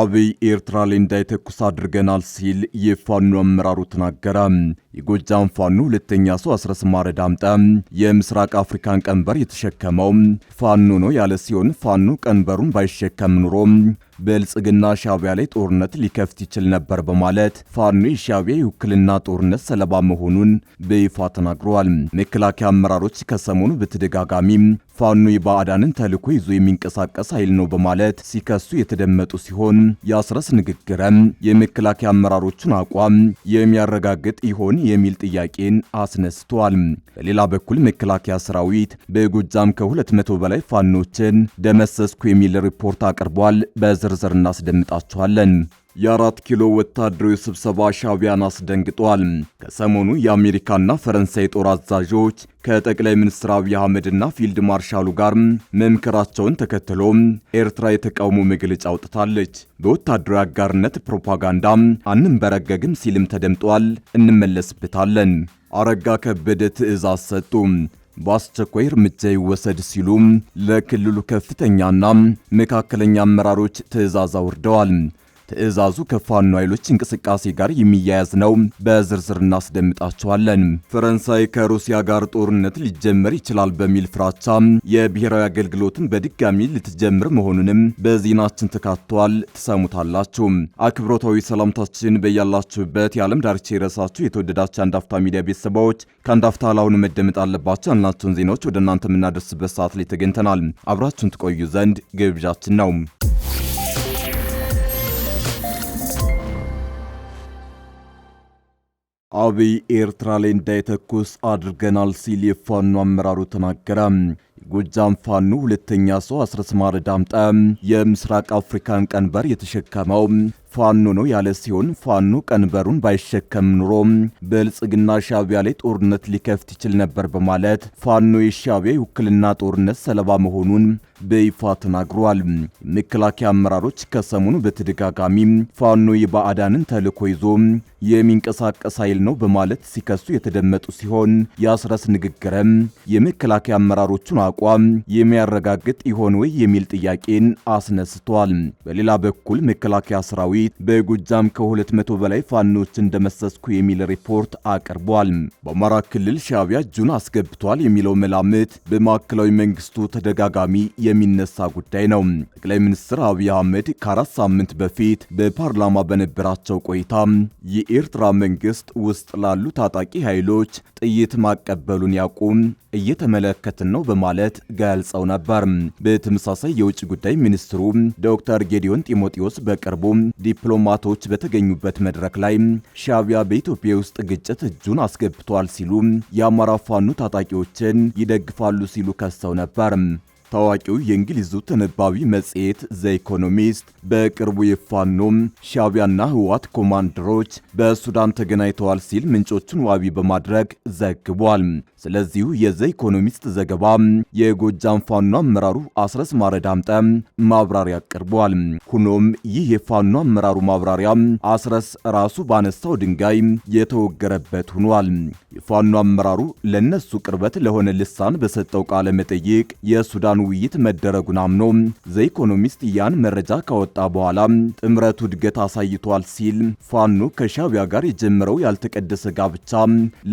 አብይ ኤርትራ ላይ እንዳይተኩስ አድርገናል ሲል የፋኖ አመራሩ ተናገረ። የጎጃም ፋኖ ሁለተኛ ሰው አስረስ ማረ ዳምጠ የምስራቅ አፍሪካን ቀንበር የተሸከመው ፋኖ ነው ያለ ሲሆን ፋኖ ቀንበሩን ባይሸከም ኑሮ ብልጽግና ሻቢያ ላይ ጦርነት ሊከፍት ይችል ነበር በማለት ፋኖ የሻቢያ የውክልና ጦርነት ሰለባ መሆኑን በይፋ ተናግረዋል። መከላከያ አመራሮች ከሰሞኑ በተደጋጋሚ ፋኖ የባዕዳንን ተልዕኮ ይዞ የሚንቀሳቀስ ኃይል ነው በማለት ሲከሱ የተደመጡ ሲሆን የአስረስ ንግግረም የመከላከያ አመራሮቹን አቋም የሚያረጋግጥ ይሆን የሚል ጥያቄን አስነስቷል። በሌላ በኩል መከላከያ ሰራዊት በጎጃም ከ200 በላይ ፋኖችን ደመሰስኩ የሚል ሪፖርት አቅርቧል። በዝርዝር እናስደምጣችኋለን። የአራት ኪሎ ወታደራዊ ስብሰባ ሻቢያን አስደንግጧል። ከሰሞኑ የአሜሪካና ፈረንሳይ ጦር አዛዦች ከጠቅላይ ሚኒስትር አብይ አህመድና ፊልድ ማርሻሉ ጋር መምከራቸውን ተከትሎ ኤርትራ የተቃውሞ መግለጫ አውጥታለች። በወታደራዊ አጋርነት ፕሮፓጋንዳ አንንበረገግም ሲልም ተደምጧል። እንመለስበታለን። አረጋ ከበደ ትዕዛዝ ሰጡ። በአስቸኳይ እርምጃ ይወሰድ ሲሉ ለክልሉ ከፍተኛና መካከለኛ አመራሮች ትዕዛዝ አውርደዋል። ትዕዛዙ ከፋኖ ኃይሎች እንቅስቃሴ ጋር የሚያያዝ ነው። በዝርዝር እናስደምጣቸዋለን። ፈረንሳይ ከሩሲያ ጋር ጦርነት ሊጀመር ይችላል በሚል ፍራቻ የብሔራዊ አገልግሎትን በድጋሚ ልትጀምር መሆኑንም በዜናችን ተካቷል። ትሰሙታላችሁ። አክብሮታዊ ሰላምታችን በያላችሁበት የዓለም ዳርቻ የረሳችሁ የተወደዳችሁ አንዳፍታ ሚዲያ ቤተሰባዎች ከአንዳፍታ ላሁኑ መደመጥ አለባቸው ያልናቸውን ዜናዎች ወደ እናንተ የምናደርስበት ሰዓት ላይ ተገኝተናል። አብራችሁን ትቆዩ ዘንድ ግብዣችን ነው። አብይ ኤርትራ ላይ እንዳይተኩስ አድርገናል ሲል የፋኖ አመራሩ ተናገረ። ጎጃም ፋኖ ሁለተኛ ሰው አስረስማረ ዳምጠ የምስራቅ አፍሪካን ቀንበር የተሸከመው ፋኖ ነው ያለ ሲሆን ፋኖ ቀንበሩን ባይሸከም ኑሮ በብልጽግና ሻቢያ ላይ ጦርነት ሊከፍት ይችል ነበር በማለት ፋኖ የሻቢያ የውክልና ጦርነት ሰለባ መሆኑን በይፋ ተናግሯል። መከላከያ አመራሮች ከሰሞኑ በተደጋጋሚ ፋኖ የባዕዳንን ተልዕኮ ይዞ የሚንቀሳቀስ ኃይል ነው በማለት ሲከሱ የተደመጡ ሲሆን የአስረስ ንግግርም የመከላከያ አመራሮቹን አቋም የሚያረጋግጥ ይሆን ወይ የሚል ጥያቄን አስነስቷል። በሌላ በኩል መከላከያ ሰራዊት በጎጃም ከ200 በላይ ፋኖች እንደመሰስኩ የሚል ሪፖርት አቅርቧል። በአማራ ክልል ሻቢያ እጁን አስገብቷል የሚለው መላምት በማዕከላዊ መንግስቱ ተደጋጋሚ የሚነሳ ጉዳይ ነው። ጠቅላይ ሚኒስትር አብይ አህመድ ከአራት ሳምንት በፊት በፓርላማ በነበራቸው ቆይታ የኤርትራ መንግስት ውስጥ ላሉ ታጣቂ ኃይሎች ጥይት ማቀበሉን ያቁም እየተመለከትን ነው በማለት በማለት ገልጸው ነበር። በተመሳሳይ የውጭ ጉዳይ ሚኒስትሩ ዶክተር ጌዲዮን ጢሞቴዎስ በቅርቡ ዲፕሎማቶች በተገኙበት መድረክ ላይ ሻቢያ በኢትዮጵያ ውስጥ ግጭት እጁን አስገብቷል ሲሉ የአማራ ፋኑ ታጣቂዎችን ይደግፋሉ ሲሉ ከሰው ነበር። ታዋቂው የእንግሊዙ ተነባቢ መጽሔት ዘ ኢኮኖሚስት በቅርቡ የፋኖም ሻቢያና ህዋት ኮማንደሮች በሱዳን ተገናኝተዋል ሲል ምንጮቹን ዋቢ በማድረግ ዘግቧል። ስለዚሁ የዘ ኢኮኖሚስት ዘገባ የጎጃም ፋኖ አመራሩ አስረስ ማረ ዳምጠ ማብራሪያ አቅርቧል። ሆኖም ይህ የፋኖ አመራሩ ማብራሪያ አስረስ ራሱ ባነሳው ድንጋይ የተወገረበት ሆኗል። የፋኖ አመራሩ ለነሱ ቅርበት ለሆነ ልሳን በሰጠው ቃለ መጠይቅ የሱዳን ውይይት መደረጉን አምኖ ዘ ኢኮኖሚስት ያን መረጃ ካወጣ በኋላ ጥምረቱ እድገት አሳይቷል ሲል፣ ፋኖ ከሻቢያ ጋር የጀመረው ያልተቀደሰ ጋብቻ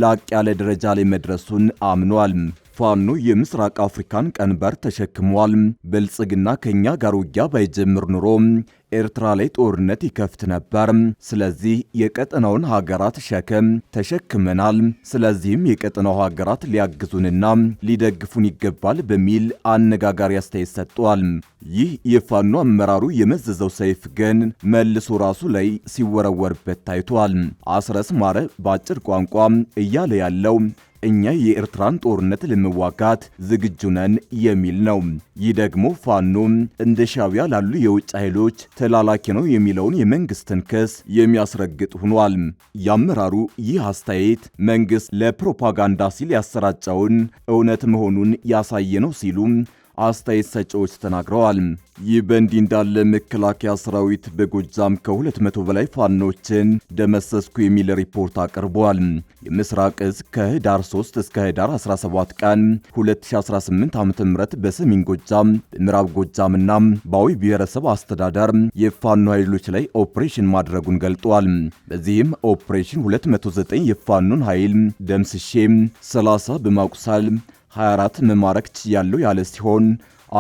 ላቅ ያለ ደረጃ ላይ መድረሱን አምኗል። ፋኖ የምስራቅ አፍሪካን ቀንበር ተሸክሟል። ብልጽግና ከኛ ጋር ውጊያ ባይጀምር ኑሮ ኤርትራ ላይ ጦርነት ይከፍት ነበር። ስለዚህ የቀጠናውን ሀገራት ሸክም ተሸክመናል። ስለዚህም የቀጠናው ሀገራት ሊያግዙንና ሊደግፉን ይገባል በሚል አነጋጋሪ አስተያየት ሰጥቷል። ይህ የፋኖ አመራሩ የመዘዘው ሰይፍ ግን መልሶ ራሱ ላይ ሲወረወርበት ታይቷል። አስረስ ማረ በአጭር ቋንቋ እያለ ያለው እኛ የኤርትራን ጦርነት ለመዋጋት ዝግጁ ነን የሚል ነው። ይህ ደግሞ ፋኖ እንደ ሻቢያ ላሉ የውጭ ኃይሎች ተላላኪ ነው የሚለውን የመንግስትን ክስ የሚያስረግጥ ሆኗል። የአመራሩ ይህ አስተያየት መንግስት ለፕሮፓጋንዳ ሲል ያሰራጨውን እውነት መሆኑን ያሳየ ነው ሲሉ አስተያየት ሰጪዎች ተናግረዋል። ይህ በእንዲህ እንዳለ መከላከያ ሰራዊት በጎጃም ከ200 በላይ ፋኖችን ደመሰስኩ የሚል ሪፖርት አቅርቧል። የምስራቅ እዝ ከህዳር 3 እስከ ህዳር 17 ቀን 2018 ም በሰሜን ጎጃም በምዕራብ ጎጃምና በአዊ ብሔረሰብ አስተዳደር የፋኖ ኃይሎች ላይ ኦፕሬሽን ማድረጉን ገልጧል። በዚህም ኦፕሬሽን 209 የፋኖን ኃይል ደምስሼ 30 በማቁሰል 24 መማረክ ችያለሁ ያለ ሲሆን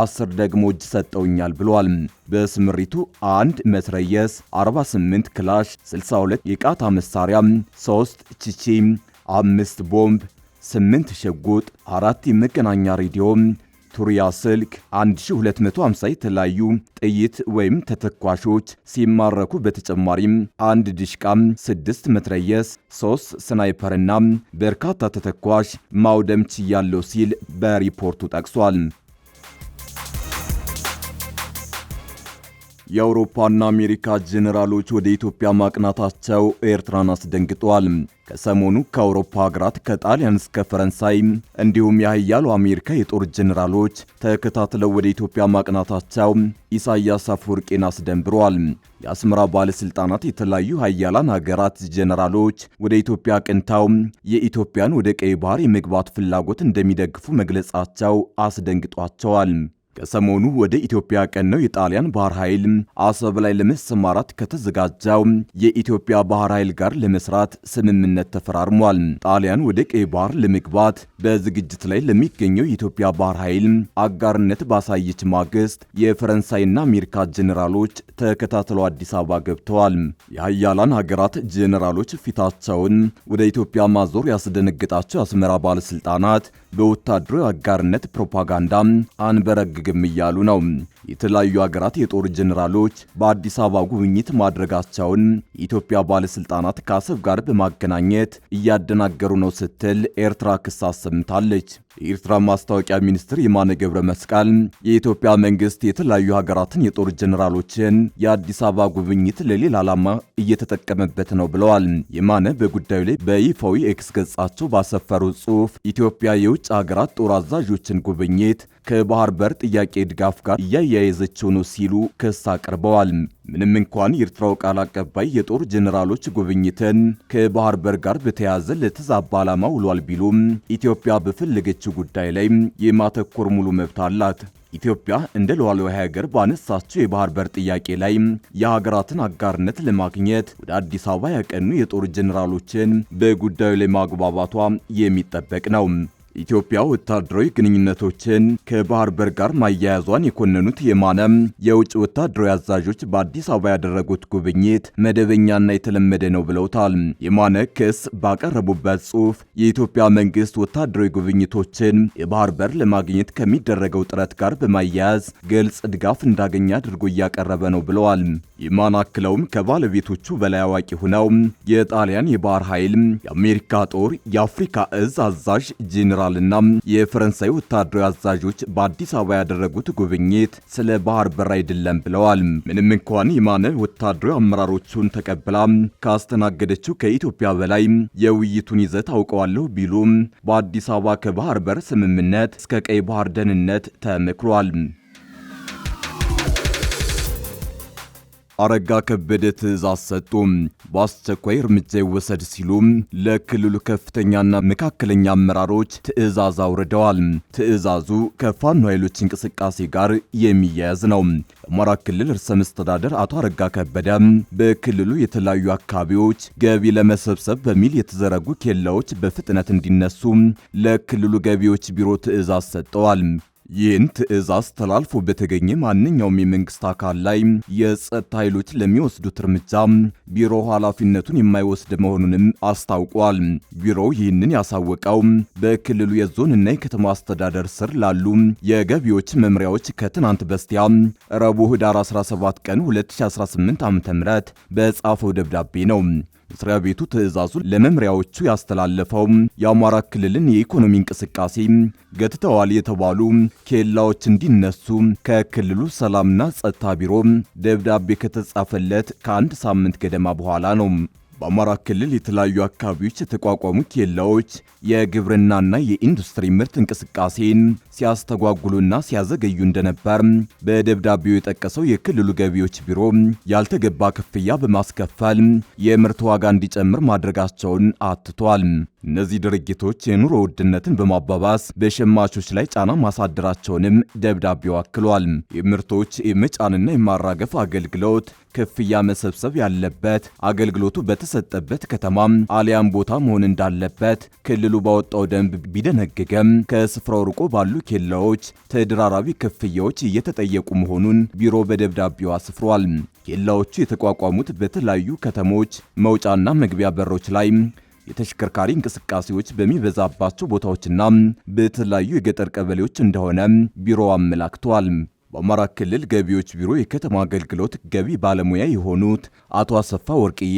አስር ደግሞ እጅ ሰጠውኛል ብሏል። በስምሪቱ አንድ መትረየስ፣ 48 ክላሽ፣ 62 የቃታ መሳሪያ፣ 3 ቺቺ፣ አምስት ቦምብ፣ 8 ሸጉጥ፣ አራት የመገናኛ ሬዲዮ ቱሪያ ስልክ 1250 የተለያዩ ጥይት ወይም ተተኳሾች ሲማረኩ በተጨማሪም አንድ ዲሽቃም፣ ስድስት መትረየስ፣ ሶስት ስናይፐርና በርካታ ተተኳሽ ማውደም ችያለው ሲል በሪፖርቱ ጠቅሷል። የአውሮፓና አሜሪካ ጄኔራሎች ወደ ኢትዮጵያ ማቅናታቸው ኤርትራን አስደንግጠዋል። ከሰሞኑ ከአውሮፓ ሀገራት ከጣሊያን እስከ ፈረንሳይ እንዲሁም የሀያሉ አሜሪካ የጦር ጄኔራሎች ተከታትለው ወደ ኢትዮጵያ ማቅናታቸው ኢሳያስ አፈወርቂን አስደንብሯል። የአስመራ ባለሥልጣናት የተለያዩ ሀያላን ሀገራት ጄኔራሎች ወደ ኢትዮጵያ ቅንተው የኢትዮጵያን ወደ ቀይ ባህር የመግባት ፍላጎት እንደሚደግፉ መግለጻቸው አስደንግጧቸዋል። ከሰሞኑ ወደ ኢትዮጵያ ቀነው የጣሊያን ባህር ኃይል አሰብ ላይ ለመሰማራት ከተዘጋጀው የኢትዮጵያ ባህር ኃይል ጋር ለመስራት ስምምነት ተፈራርሟል። ጣሊያን ወደ ቀይ ባህር ለመግባት በዝግጅት ላይ ለሚገኘው የኢትዮጵያ ባህር ኃይል አጋርነት ባሳየች ማግስት የፈረንሳይና አሜሪካ ጀኔራሎች ተከታትለው አዲስ አበባ ገብተዋል። የሀያላን ሀገራት ጄኔራሎች ፊታቸውን ወደ ኢትዮጵያ ማዞር ያስደነግጣቸው የአስመራ ባለስልጣናት በወታደራዊ አጋርነት ፕሮፓጋንዳ አንበረግግ አንፈልግም እያሉ ነው። የተለያዩ ሀገራት የጦር ጀኔራሎች በአዲስ አበባ ጉብኝት ማድረጋቸውን የኢትዮጵያ ባለስልጣናት ከአሰብ ጋር በማገናኘት እያደናገሩ ነው ስትል ኤርትራ ክስ አሰምታለች። የኤርትራ ማስታወቂያ ሚኒስትር የማነ ገብረ መስቀል የኢትዮጵያ መንግስት የተለያዩ ሀገራትን የጦር ጀኔራሎችን የአዲስ አበባ ጉብኝት ለሌላ ዓላማ እየተጠቀመበት ነው ብለዋል። የማነ በጉዳዩ ላይ በይፋዊ ኤክስ ገጻቸው ባሰፈሩ ጽሑፍ ኢትዮጵያ የውጭ ሀገራት ጦር አዛዦችን ጉብኝት ከባህር በር ጥያቄ ድጋፍ ጋር እያያየዘችው ነው ሲሉ ክስ አቅርበዋል። ምንም እንኳን የኤርትራው ቃል አቀባይ የጦር ጀኔራሎች ጉብኝትን ከባህር በር ጋር በተያያዘ ለተዛባ ዓላማ ውሏል ቢሉም ኢትዮጵያ በፈለገችው ጉዳይ ላይ የማተኮር ሙሉ መብት አላት። ኢትዮጵያ እንደ ሉዓላዊ ሀገር ባነሳችው የባህር በር ጥያቄ ላይ የሀገራትን አጋርነት ለማግኘት ወደ አዲስ አበባ ያቀኑ የጦር ጀኔራሎችን በጉዳዩ ላይ ማግባባቷ የሚጠበቅ ነው። ኢትዮጵያ ወታደራዊ ግንኙነቶችን ከባህር በር ጋር ማያያዟን የኮነኑት የማነም የውጭ ወታደራዊ አዛዦች በአዲስ አበባ ያደረጉት ጉብኝት መደበኛና የተለመደ ነው ብለውታል። የማነ ክስ ባቀረቡበት ጽሑፍ የኢትዮጵያ መንግስት ወታደራዊ ጉብኝቶችን የባህር በር ለማግኘት ከሚደረገው ጥረት ጋር በማያያዝ ግልጽ ድጋፍ እንዳገኘ አድርጎ እያቀረበ ነው ብለዋል። የማነ አክለውም ከባለቤቶቹ በላይ አዋቂ ሆነው የጣሊያን የባህር ኃይል፣ የአሜሪካ ጦር፣ የአፍሪካ እዝ አዛዥ ጄኔራል ጀኔራልና የፈረንሳይ ወታደራዊ አዛዦች በአዲስ አበባ ያደረጉት ጉብኝት ስለ ባህር በር አይደለም ብለዋል። ምንም እንኳን የማነ ወታደራዊ አመራሮቹን ተቀብላ ካስተናገደችው ከኢትዮጵያ በላይ የውይይቱን ይዘት አውቀዋለሁ ቢሉም በአዲስ አበባ ከባህር በር ስምምነት እስከ ቀይ ባህር ደህንነት ተመክሯል። አረጋ ከበደ ትእዛዝ ሰጡ። በአስቸኳይ እርምጃ ይወሰድ ሲሉ ለክልሉ ከፍተኛና መካከለኛ አመራሮች ትዕዛዝ አውርደዋል። ትዕዛዙ ከፋኖ ኃይሎች እንቅስቃሴ ጋር የሚያያዝ ነው። የአማራ ክልል ርዕሰ መስተዳደር አቶ አረጋ ከበደ በክልሉ የተለያዩ አካባቢዎች ገቢ ለመሰብሰብ በሚል የተዘረጉ ኬላዎች በፍጥነት እንዲነሱ ለክልሉ ገቢዎች ቢሮ ትእዛዝ ሰጠዋል። ይህን ትዕዛዝ ተላልፎ በተገኘ ማንኛውም የመንግስት አካል ላይ የጸጥታ ኃይሎች ለሚወስዱት እርምጃ ቢሮው ኃላፊነቱን የማይወስድ መሆኑንም አስታውቋል። ቢሮው ይህንን ያሳወቀው በክልሉ የዞንና የከተማ አስተዳደር ስር ላሉ የገቢዎች መምሪያዎች ከትናንት በስቲያ ረቡዕ 17 ቀን 2018 ዓ.ም በጻፈው ደብዳቤ ነው። መስሪያ ቤቱ ትዕዛዙን ለመምሪያዎቹ ያስተላለፈው የአማራ ክልልን የኢኮኖሚ እንቅስቃሴ ገትተዋል የተባሉ ኬላዎች እንዲነሱ ከክልሉ ሰላምና ጸጥታ ቢሮ ደብዳቤ ከተጻፈለት ከአንድ ሳምንት ገደማ በኋላ ነው። በአማራ ክልል የተለያዩ አካባቢዎች የተቋቋሙ ኬላዎች የግብርናና የኢንዱስትሪ ምርት እንቅስቃሴን ሲያስተጓጉሉና ሲያዘገዩ እንደነበር በደብዳቤው የጠቀሰው የክልሉ ገቢዎች ቢሮ ያልተገባ ክፍያ በማስከፈል የምርት ዋጋ እንዲጨምር ማድረጋቸውን አትቷል። እነዚህ ድርጊቶች የኑሮ ውድነትን በማባባስ በሸማቾች ላይ ጫና ማሳደራቸውንም ደብዳቤው አክሏል። የምርቶች የመጫንና የማራገፍ አገልግሎት ክፍያ መሰብሰብ ያለበት አገልግሎቱ በተሰጠበት ከተማም አሊያም ቦታ መሆን እንዳለበት ክልሉ ባወጣው ደንብ ቢደነግገም ከስፍራው ርቆ ባሉ ኬላዎች ተደራራቢ ክፍያዎች እየተጠየቁ መሆኑን ቢሮ በደብዳቤው አስፍሯል። ኬላዎቹ የተቋቋሙት በተለያዩ ከተሞች መውጫና መግቢያ በሮች ላይ የተሽከርካሪ እንቅስቃሴዎች በሚበዛባቸው ቦታዎችና በተለያዩ የገጠር ቀበሌዎች እንደሆነ ቢሮው አመላክቷል። በአማራ ክልል ገቢዎች ቢሮ የከተማ አገልግሎት ገቢ ባለሙያ የሆኑት አቶ አሰፋ ወርቅዬ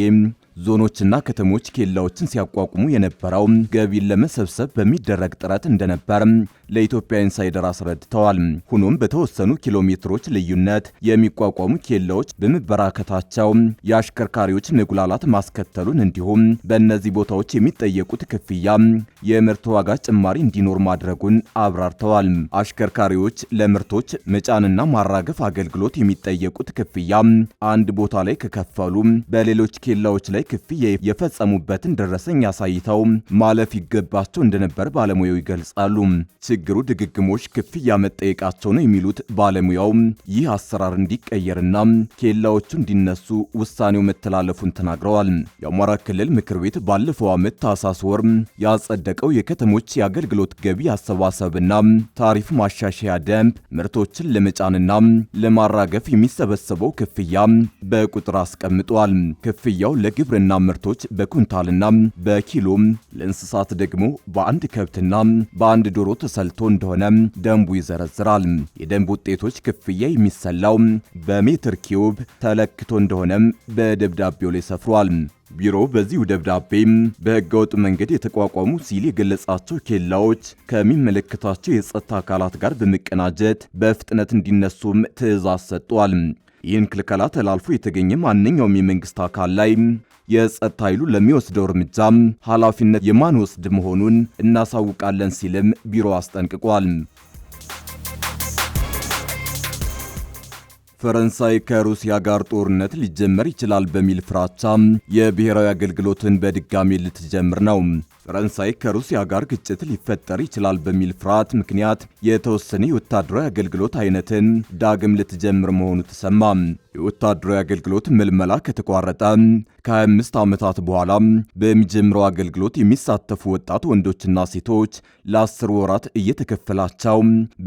ዞኖችና ከተሞች ኬላዎችን ሲያቋቁሙ የነበረው ገቢን ለመሰብሰብ በሚደረግ ጥረት እንደነበር ለኢትዮጵያ ኢንሳይደር አስረድተዋል። ሆኖም በተወሰኑ ኪሎ ሜትሮች ልዩነት የሚቋቋሙ ኬላዎች በመበራከታቸው የአሽከርካሪዎች መጉላላት ማስከተሉን እንዲሁም በእነዚህ ቦታዎች የሚጠየቁት ክፍያ የምርት ዋጋ ጭማሪ እንዲኖር ማድረጉን አብራርተዋል። አሽከርካሪዎች ለምርቶች መጫንና ማራገፍ አገልግሎት የሚጠየቁት ክፍያ አንድ ቦታ ላይ ከከፈሉ በሌሎች ኬላዎች ላይ ላይ ክፍያ የፈጸሙበትን ደረሰኝ አሳይተው ማለፍ ይገባቸው እንደነበር ባለሙያው ይገልጻሉ። ችግሩ ድግግሞች ክፍያ መጠየቃቸው ነው የሚሉት ባለሙያው ይህ አሰራር እንዲቀየርና ኬላዎቹ እንዲነሱ ውሳኔው መተላለፉን ተናግረዋል። የአማራ ክልል ምክር ቤት ባለፈው ዓመት ታህሳስ ወር ያጸደቀው የከተሞች የአገልግሎት ገቢ አሰባሰብና ታሪፍ ማሻሻያ ደንብ ምርቶችን ለመጫንና ለማራገፍ የሚሰበሰበው ክፍያ በቁጥር አስቀምጧል። ክፍያው ለግብ የግብርና ምርቶች በኩንታልና በኪሎ ለእንስሳት ደግሞ በአንድ ከብትና በአንድ ዶሮ ተሰልቶ እንደሆነ ደንቡ ይዘረዝራል። የደንብ ውጤቶች ክፍያ የሚሰላው በሜትር ኪዩብ ተለክቶ እንደሆነም በደብዳቤው ላይ ሰፍሯል። ቢሮው በዚሁ ደብዳቤ በህገወጥ መንገድ የተቋቋሙ ሲል የገለጻቸው ኬላዎች ከሚመለከታቸው የጸጥታ አካላት ጋር በመቀናጀት በፍጥነት እንዲነሱም ትዕዛዝ ሰጥቷል። ይህን ክልከላ ተላልፎ የተገኘ ማንኛውም የመንግስት አካል ላይ የጸጥታ ኃይሉ ለሚወስደው እርምጃ ኃላፊነት የማንወስድ መሆኑን እናሳውቃለን ሲልም ቢሮ አስጠንቅቋል። ፈረንሳይ ከሩሲያ ጋር ጦርነት ሊጀመር ይችላል በሚል ፍራቻ የብሔራዊ አገልግሎትን በድጋሚ ልትጀምር ነው። ፈረንሳይ ከሩሲያ ጋር ግጭት ሊፈጠር ይችላል በሚል ፍርሃት ምክንያት የተወሰነ የወታደራዊ አገልግሎት አይነትን ዳግም ልትጀምር መሆኑ ተሰማ። የወታደራዊ አገልግሎት ምልመላ ከተቋረጠ ከ25 ዓመታት በኋላ በሚጀምረው አገልግሎት የሚሳተፉ ወጣት ወንዶችና ሴቶች ለአስር ወራት እየተከፈላቸው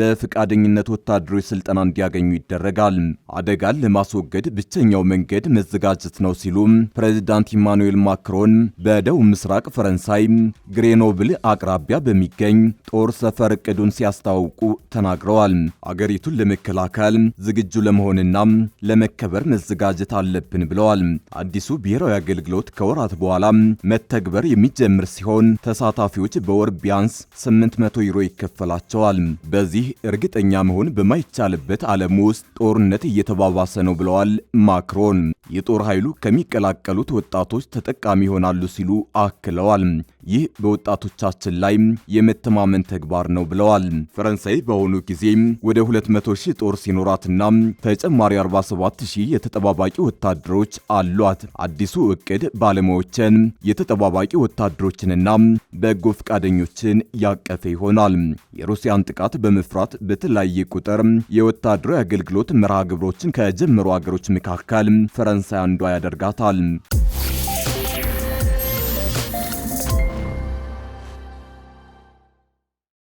በፈቃደኝነት ወታደራዊ ስልጠና እንዲያገኙ ይደረጋል። አደጋን ለማስወገድ ብቸኛው መንገድ መዘጋጀት ነው ሲሉ ፕሬዚዳንት ኢማኑኤል ማክሮን በደቡብ ምስራቅ ፈረንሳይ ግሬኖብል አቅራቢያ በሚገኝ ጦር ሰፈር እቅዱን ሲያስታውቁ ተናግረዋል። አገሪቱን ለመከላከል ዝግጁ ለመሆንና ለመከበር መዘጋጀት አለብን ብለዋል። አዲሱ ብሔራዊ አገልግሎት ከወራት በኋላ መተግበር የሚጀምር ሲሆን ተሳታፊዎች በወር ቢያንስ 800 ዩሮ ይከፈላቸዋል። በዚህ እርግጠኛ መሆን በማይቻልበት ዓለም ውስጥ ጦርነት እየተባባሰ ነው ብለዋል ማክሮን። የጦር ኃይሉ ከሚቀላቀሉት ወጣቶች ተጠቃሚ ይሆናሉ ሲሉ አክለዋል። ይህ በወጣቶቻችን ላይ የመተማመን ተግባር ነው ብለዋል። ፈረንሳይ በአሁኑ ጊዜ ወደ 200 ሺህ ጦር ሲኖራትና ተጨማሪ 47 ሺህ የተጠባባቂ ወታደሮች አሏት። አዲሱ እቅድ ባለሙያዎችን፣ የተጠባባቂ ወታደሮችንና በጎ ፈቃደኞችን ያቀፈ ይሆናል። የሩሲያን ጥቃት በመፍራት በተለያየ ቁጥር የወታደራዊ አገልግሎት መርሃ ግብሮችን ከጀመሩ አገሮች መካከል ፈረንሳይ አንዷ ያደርጋታል።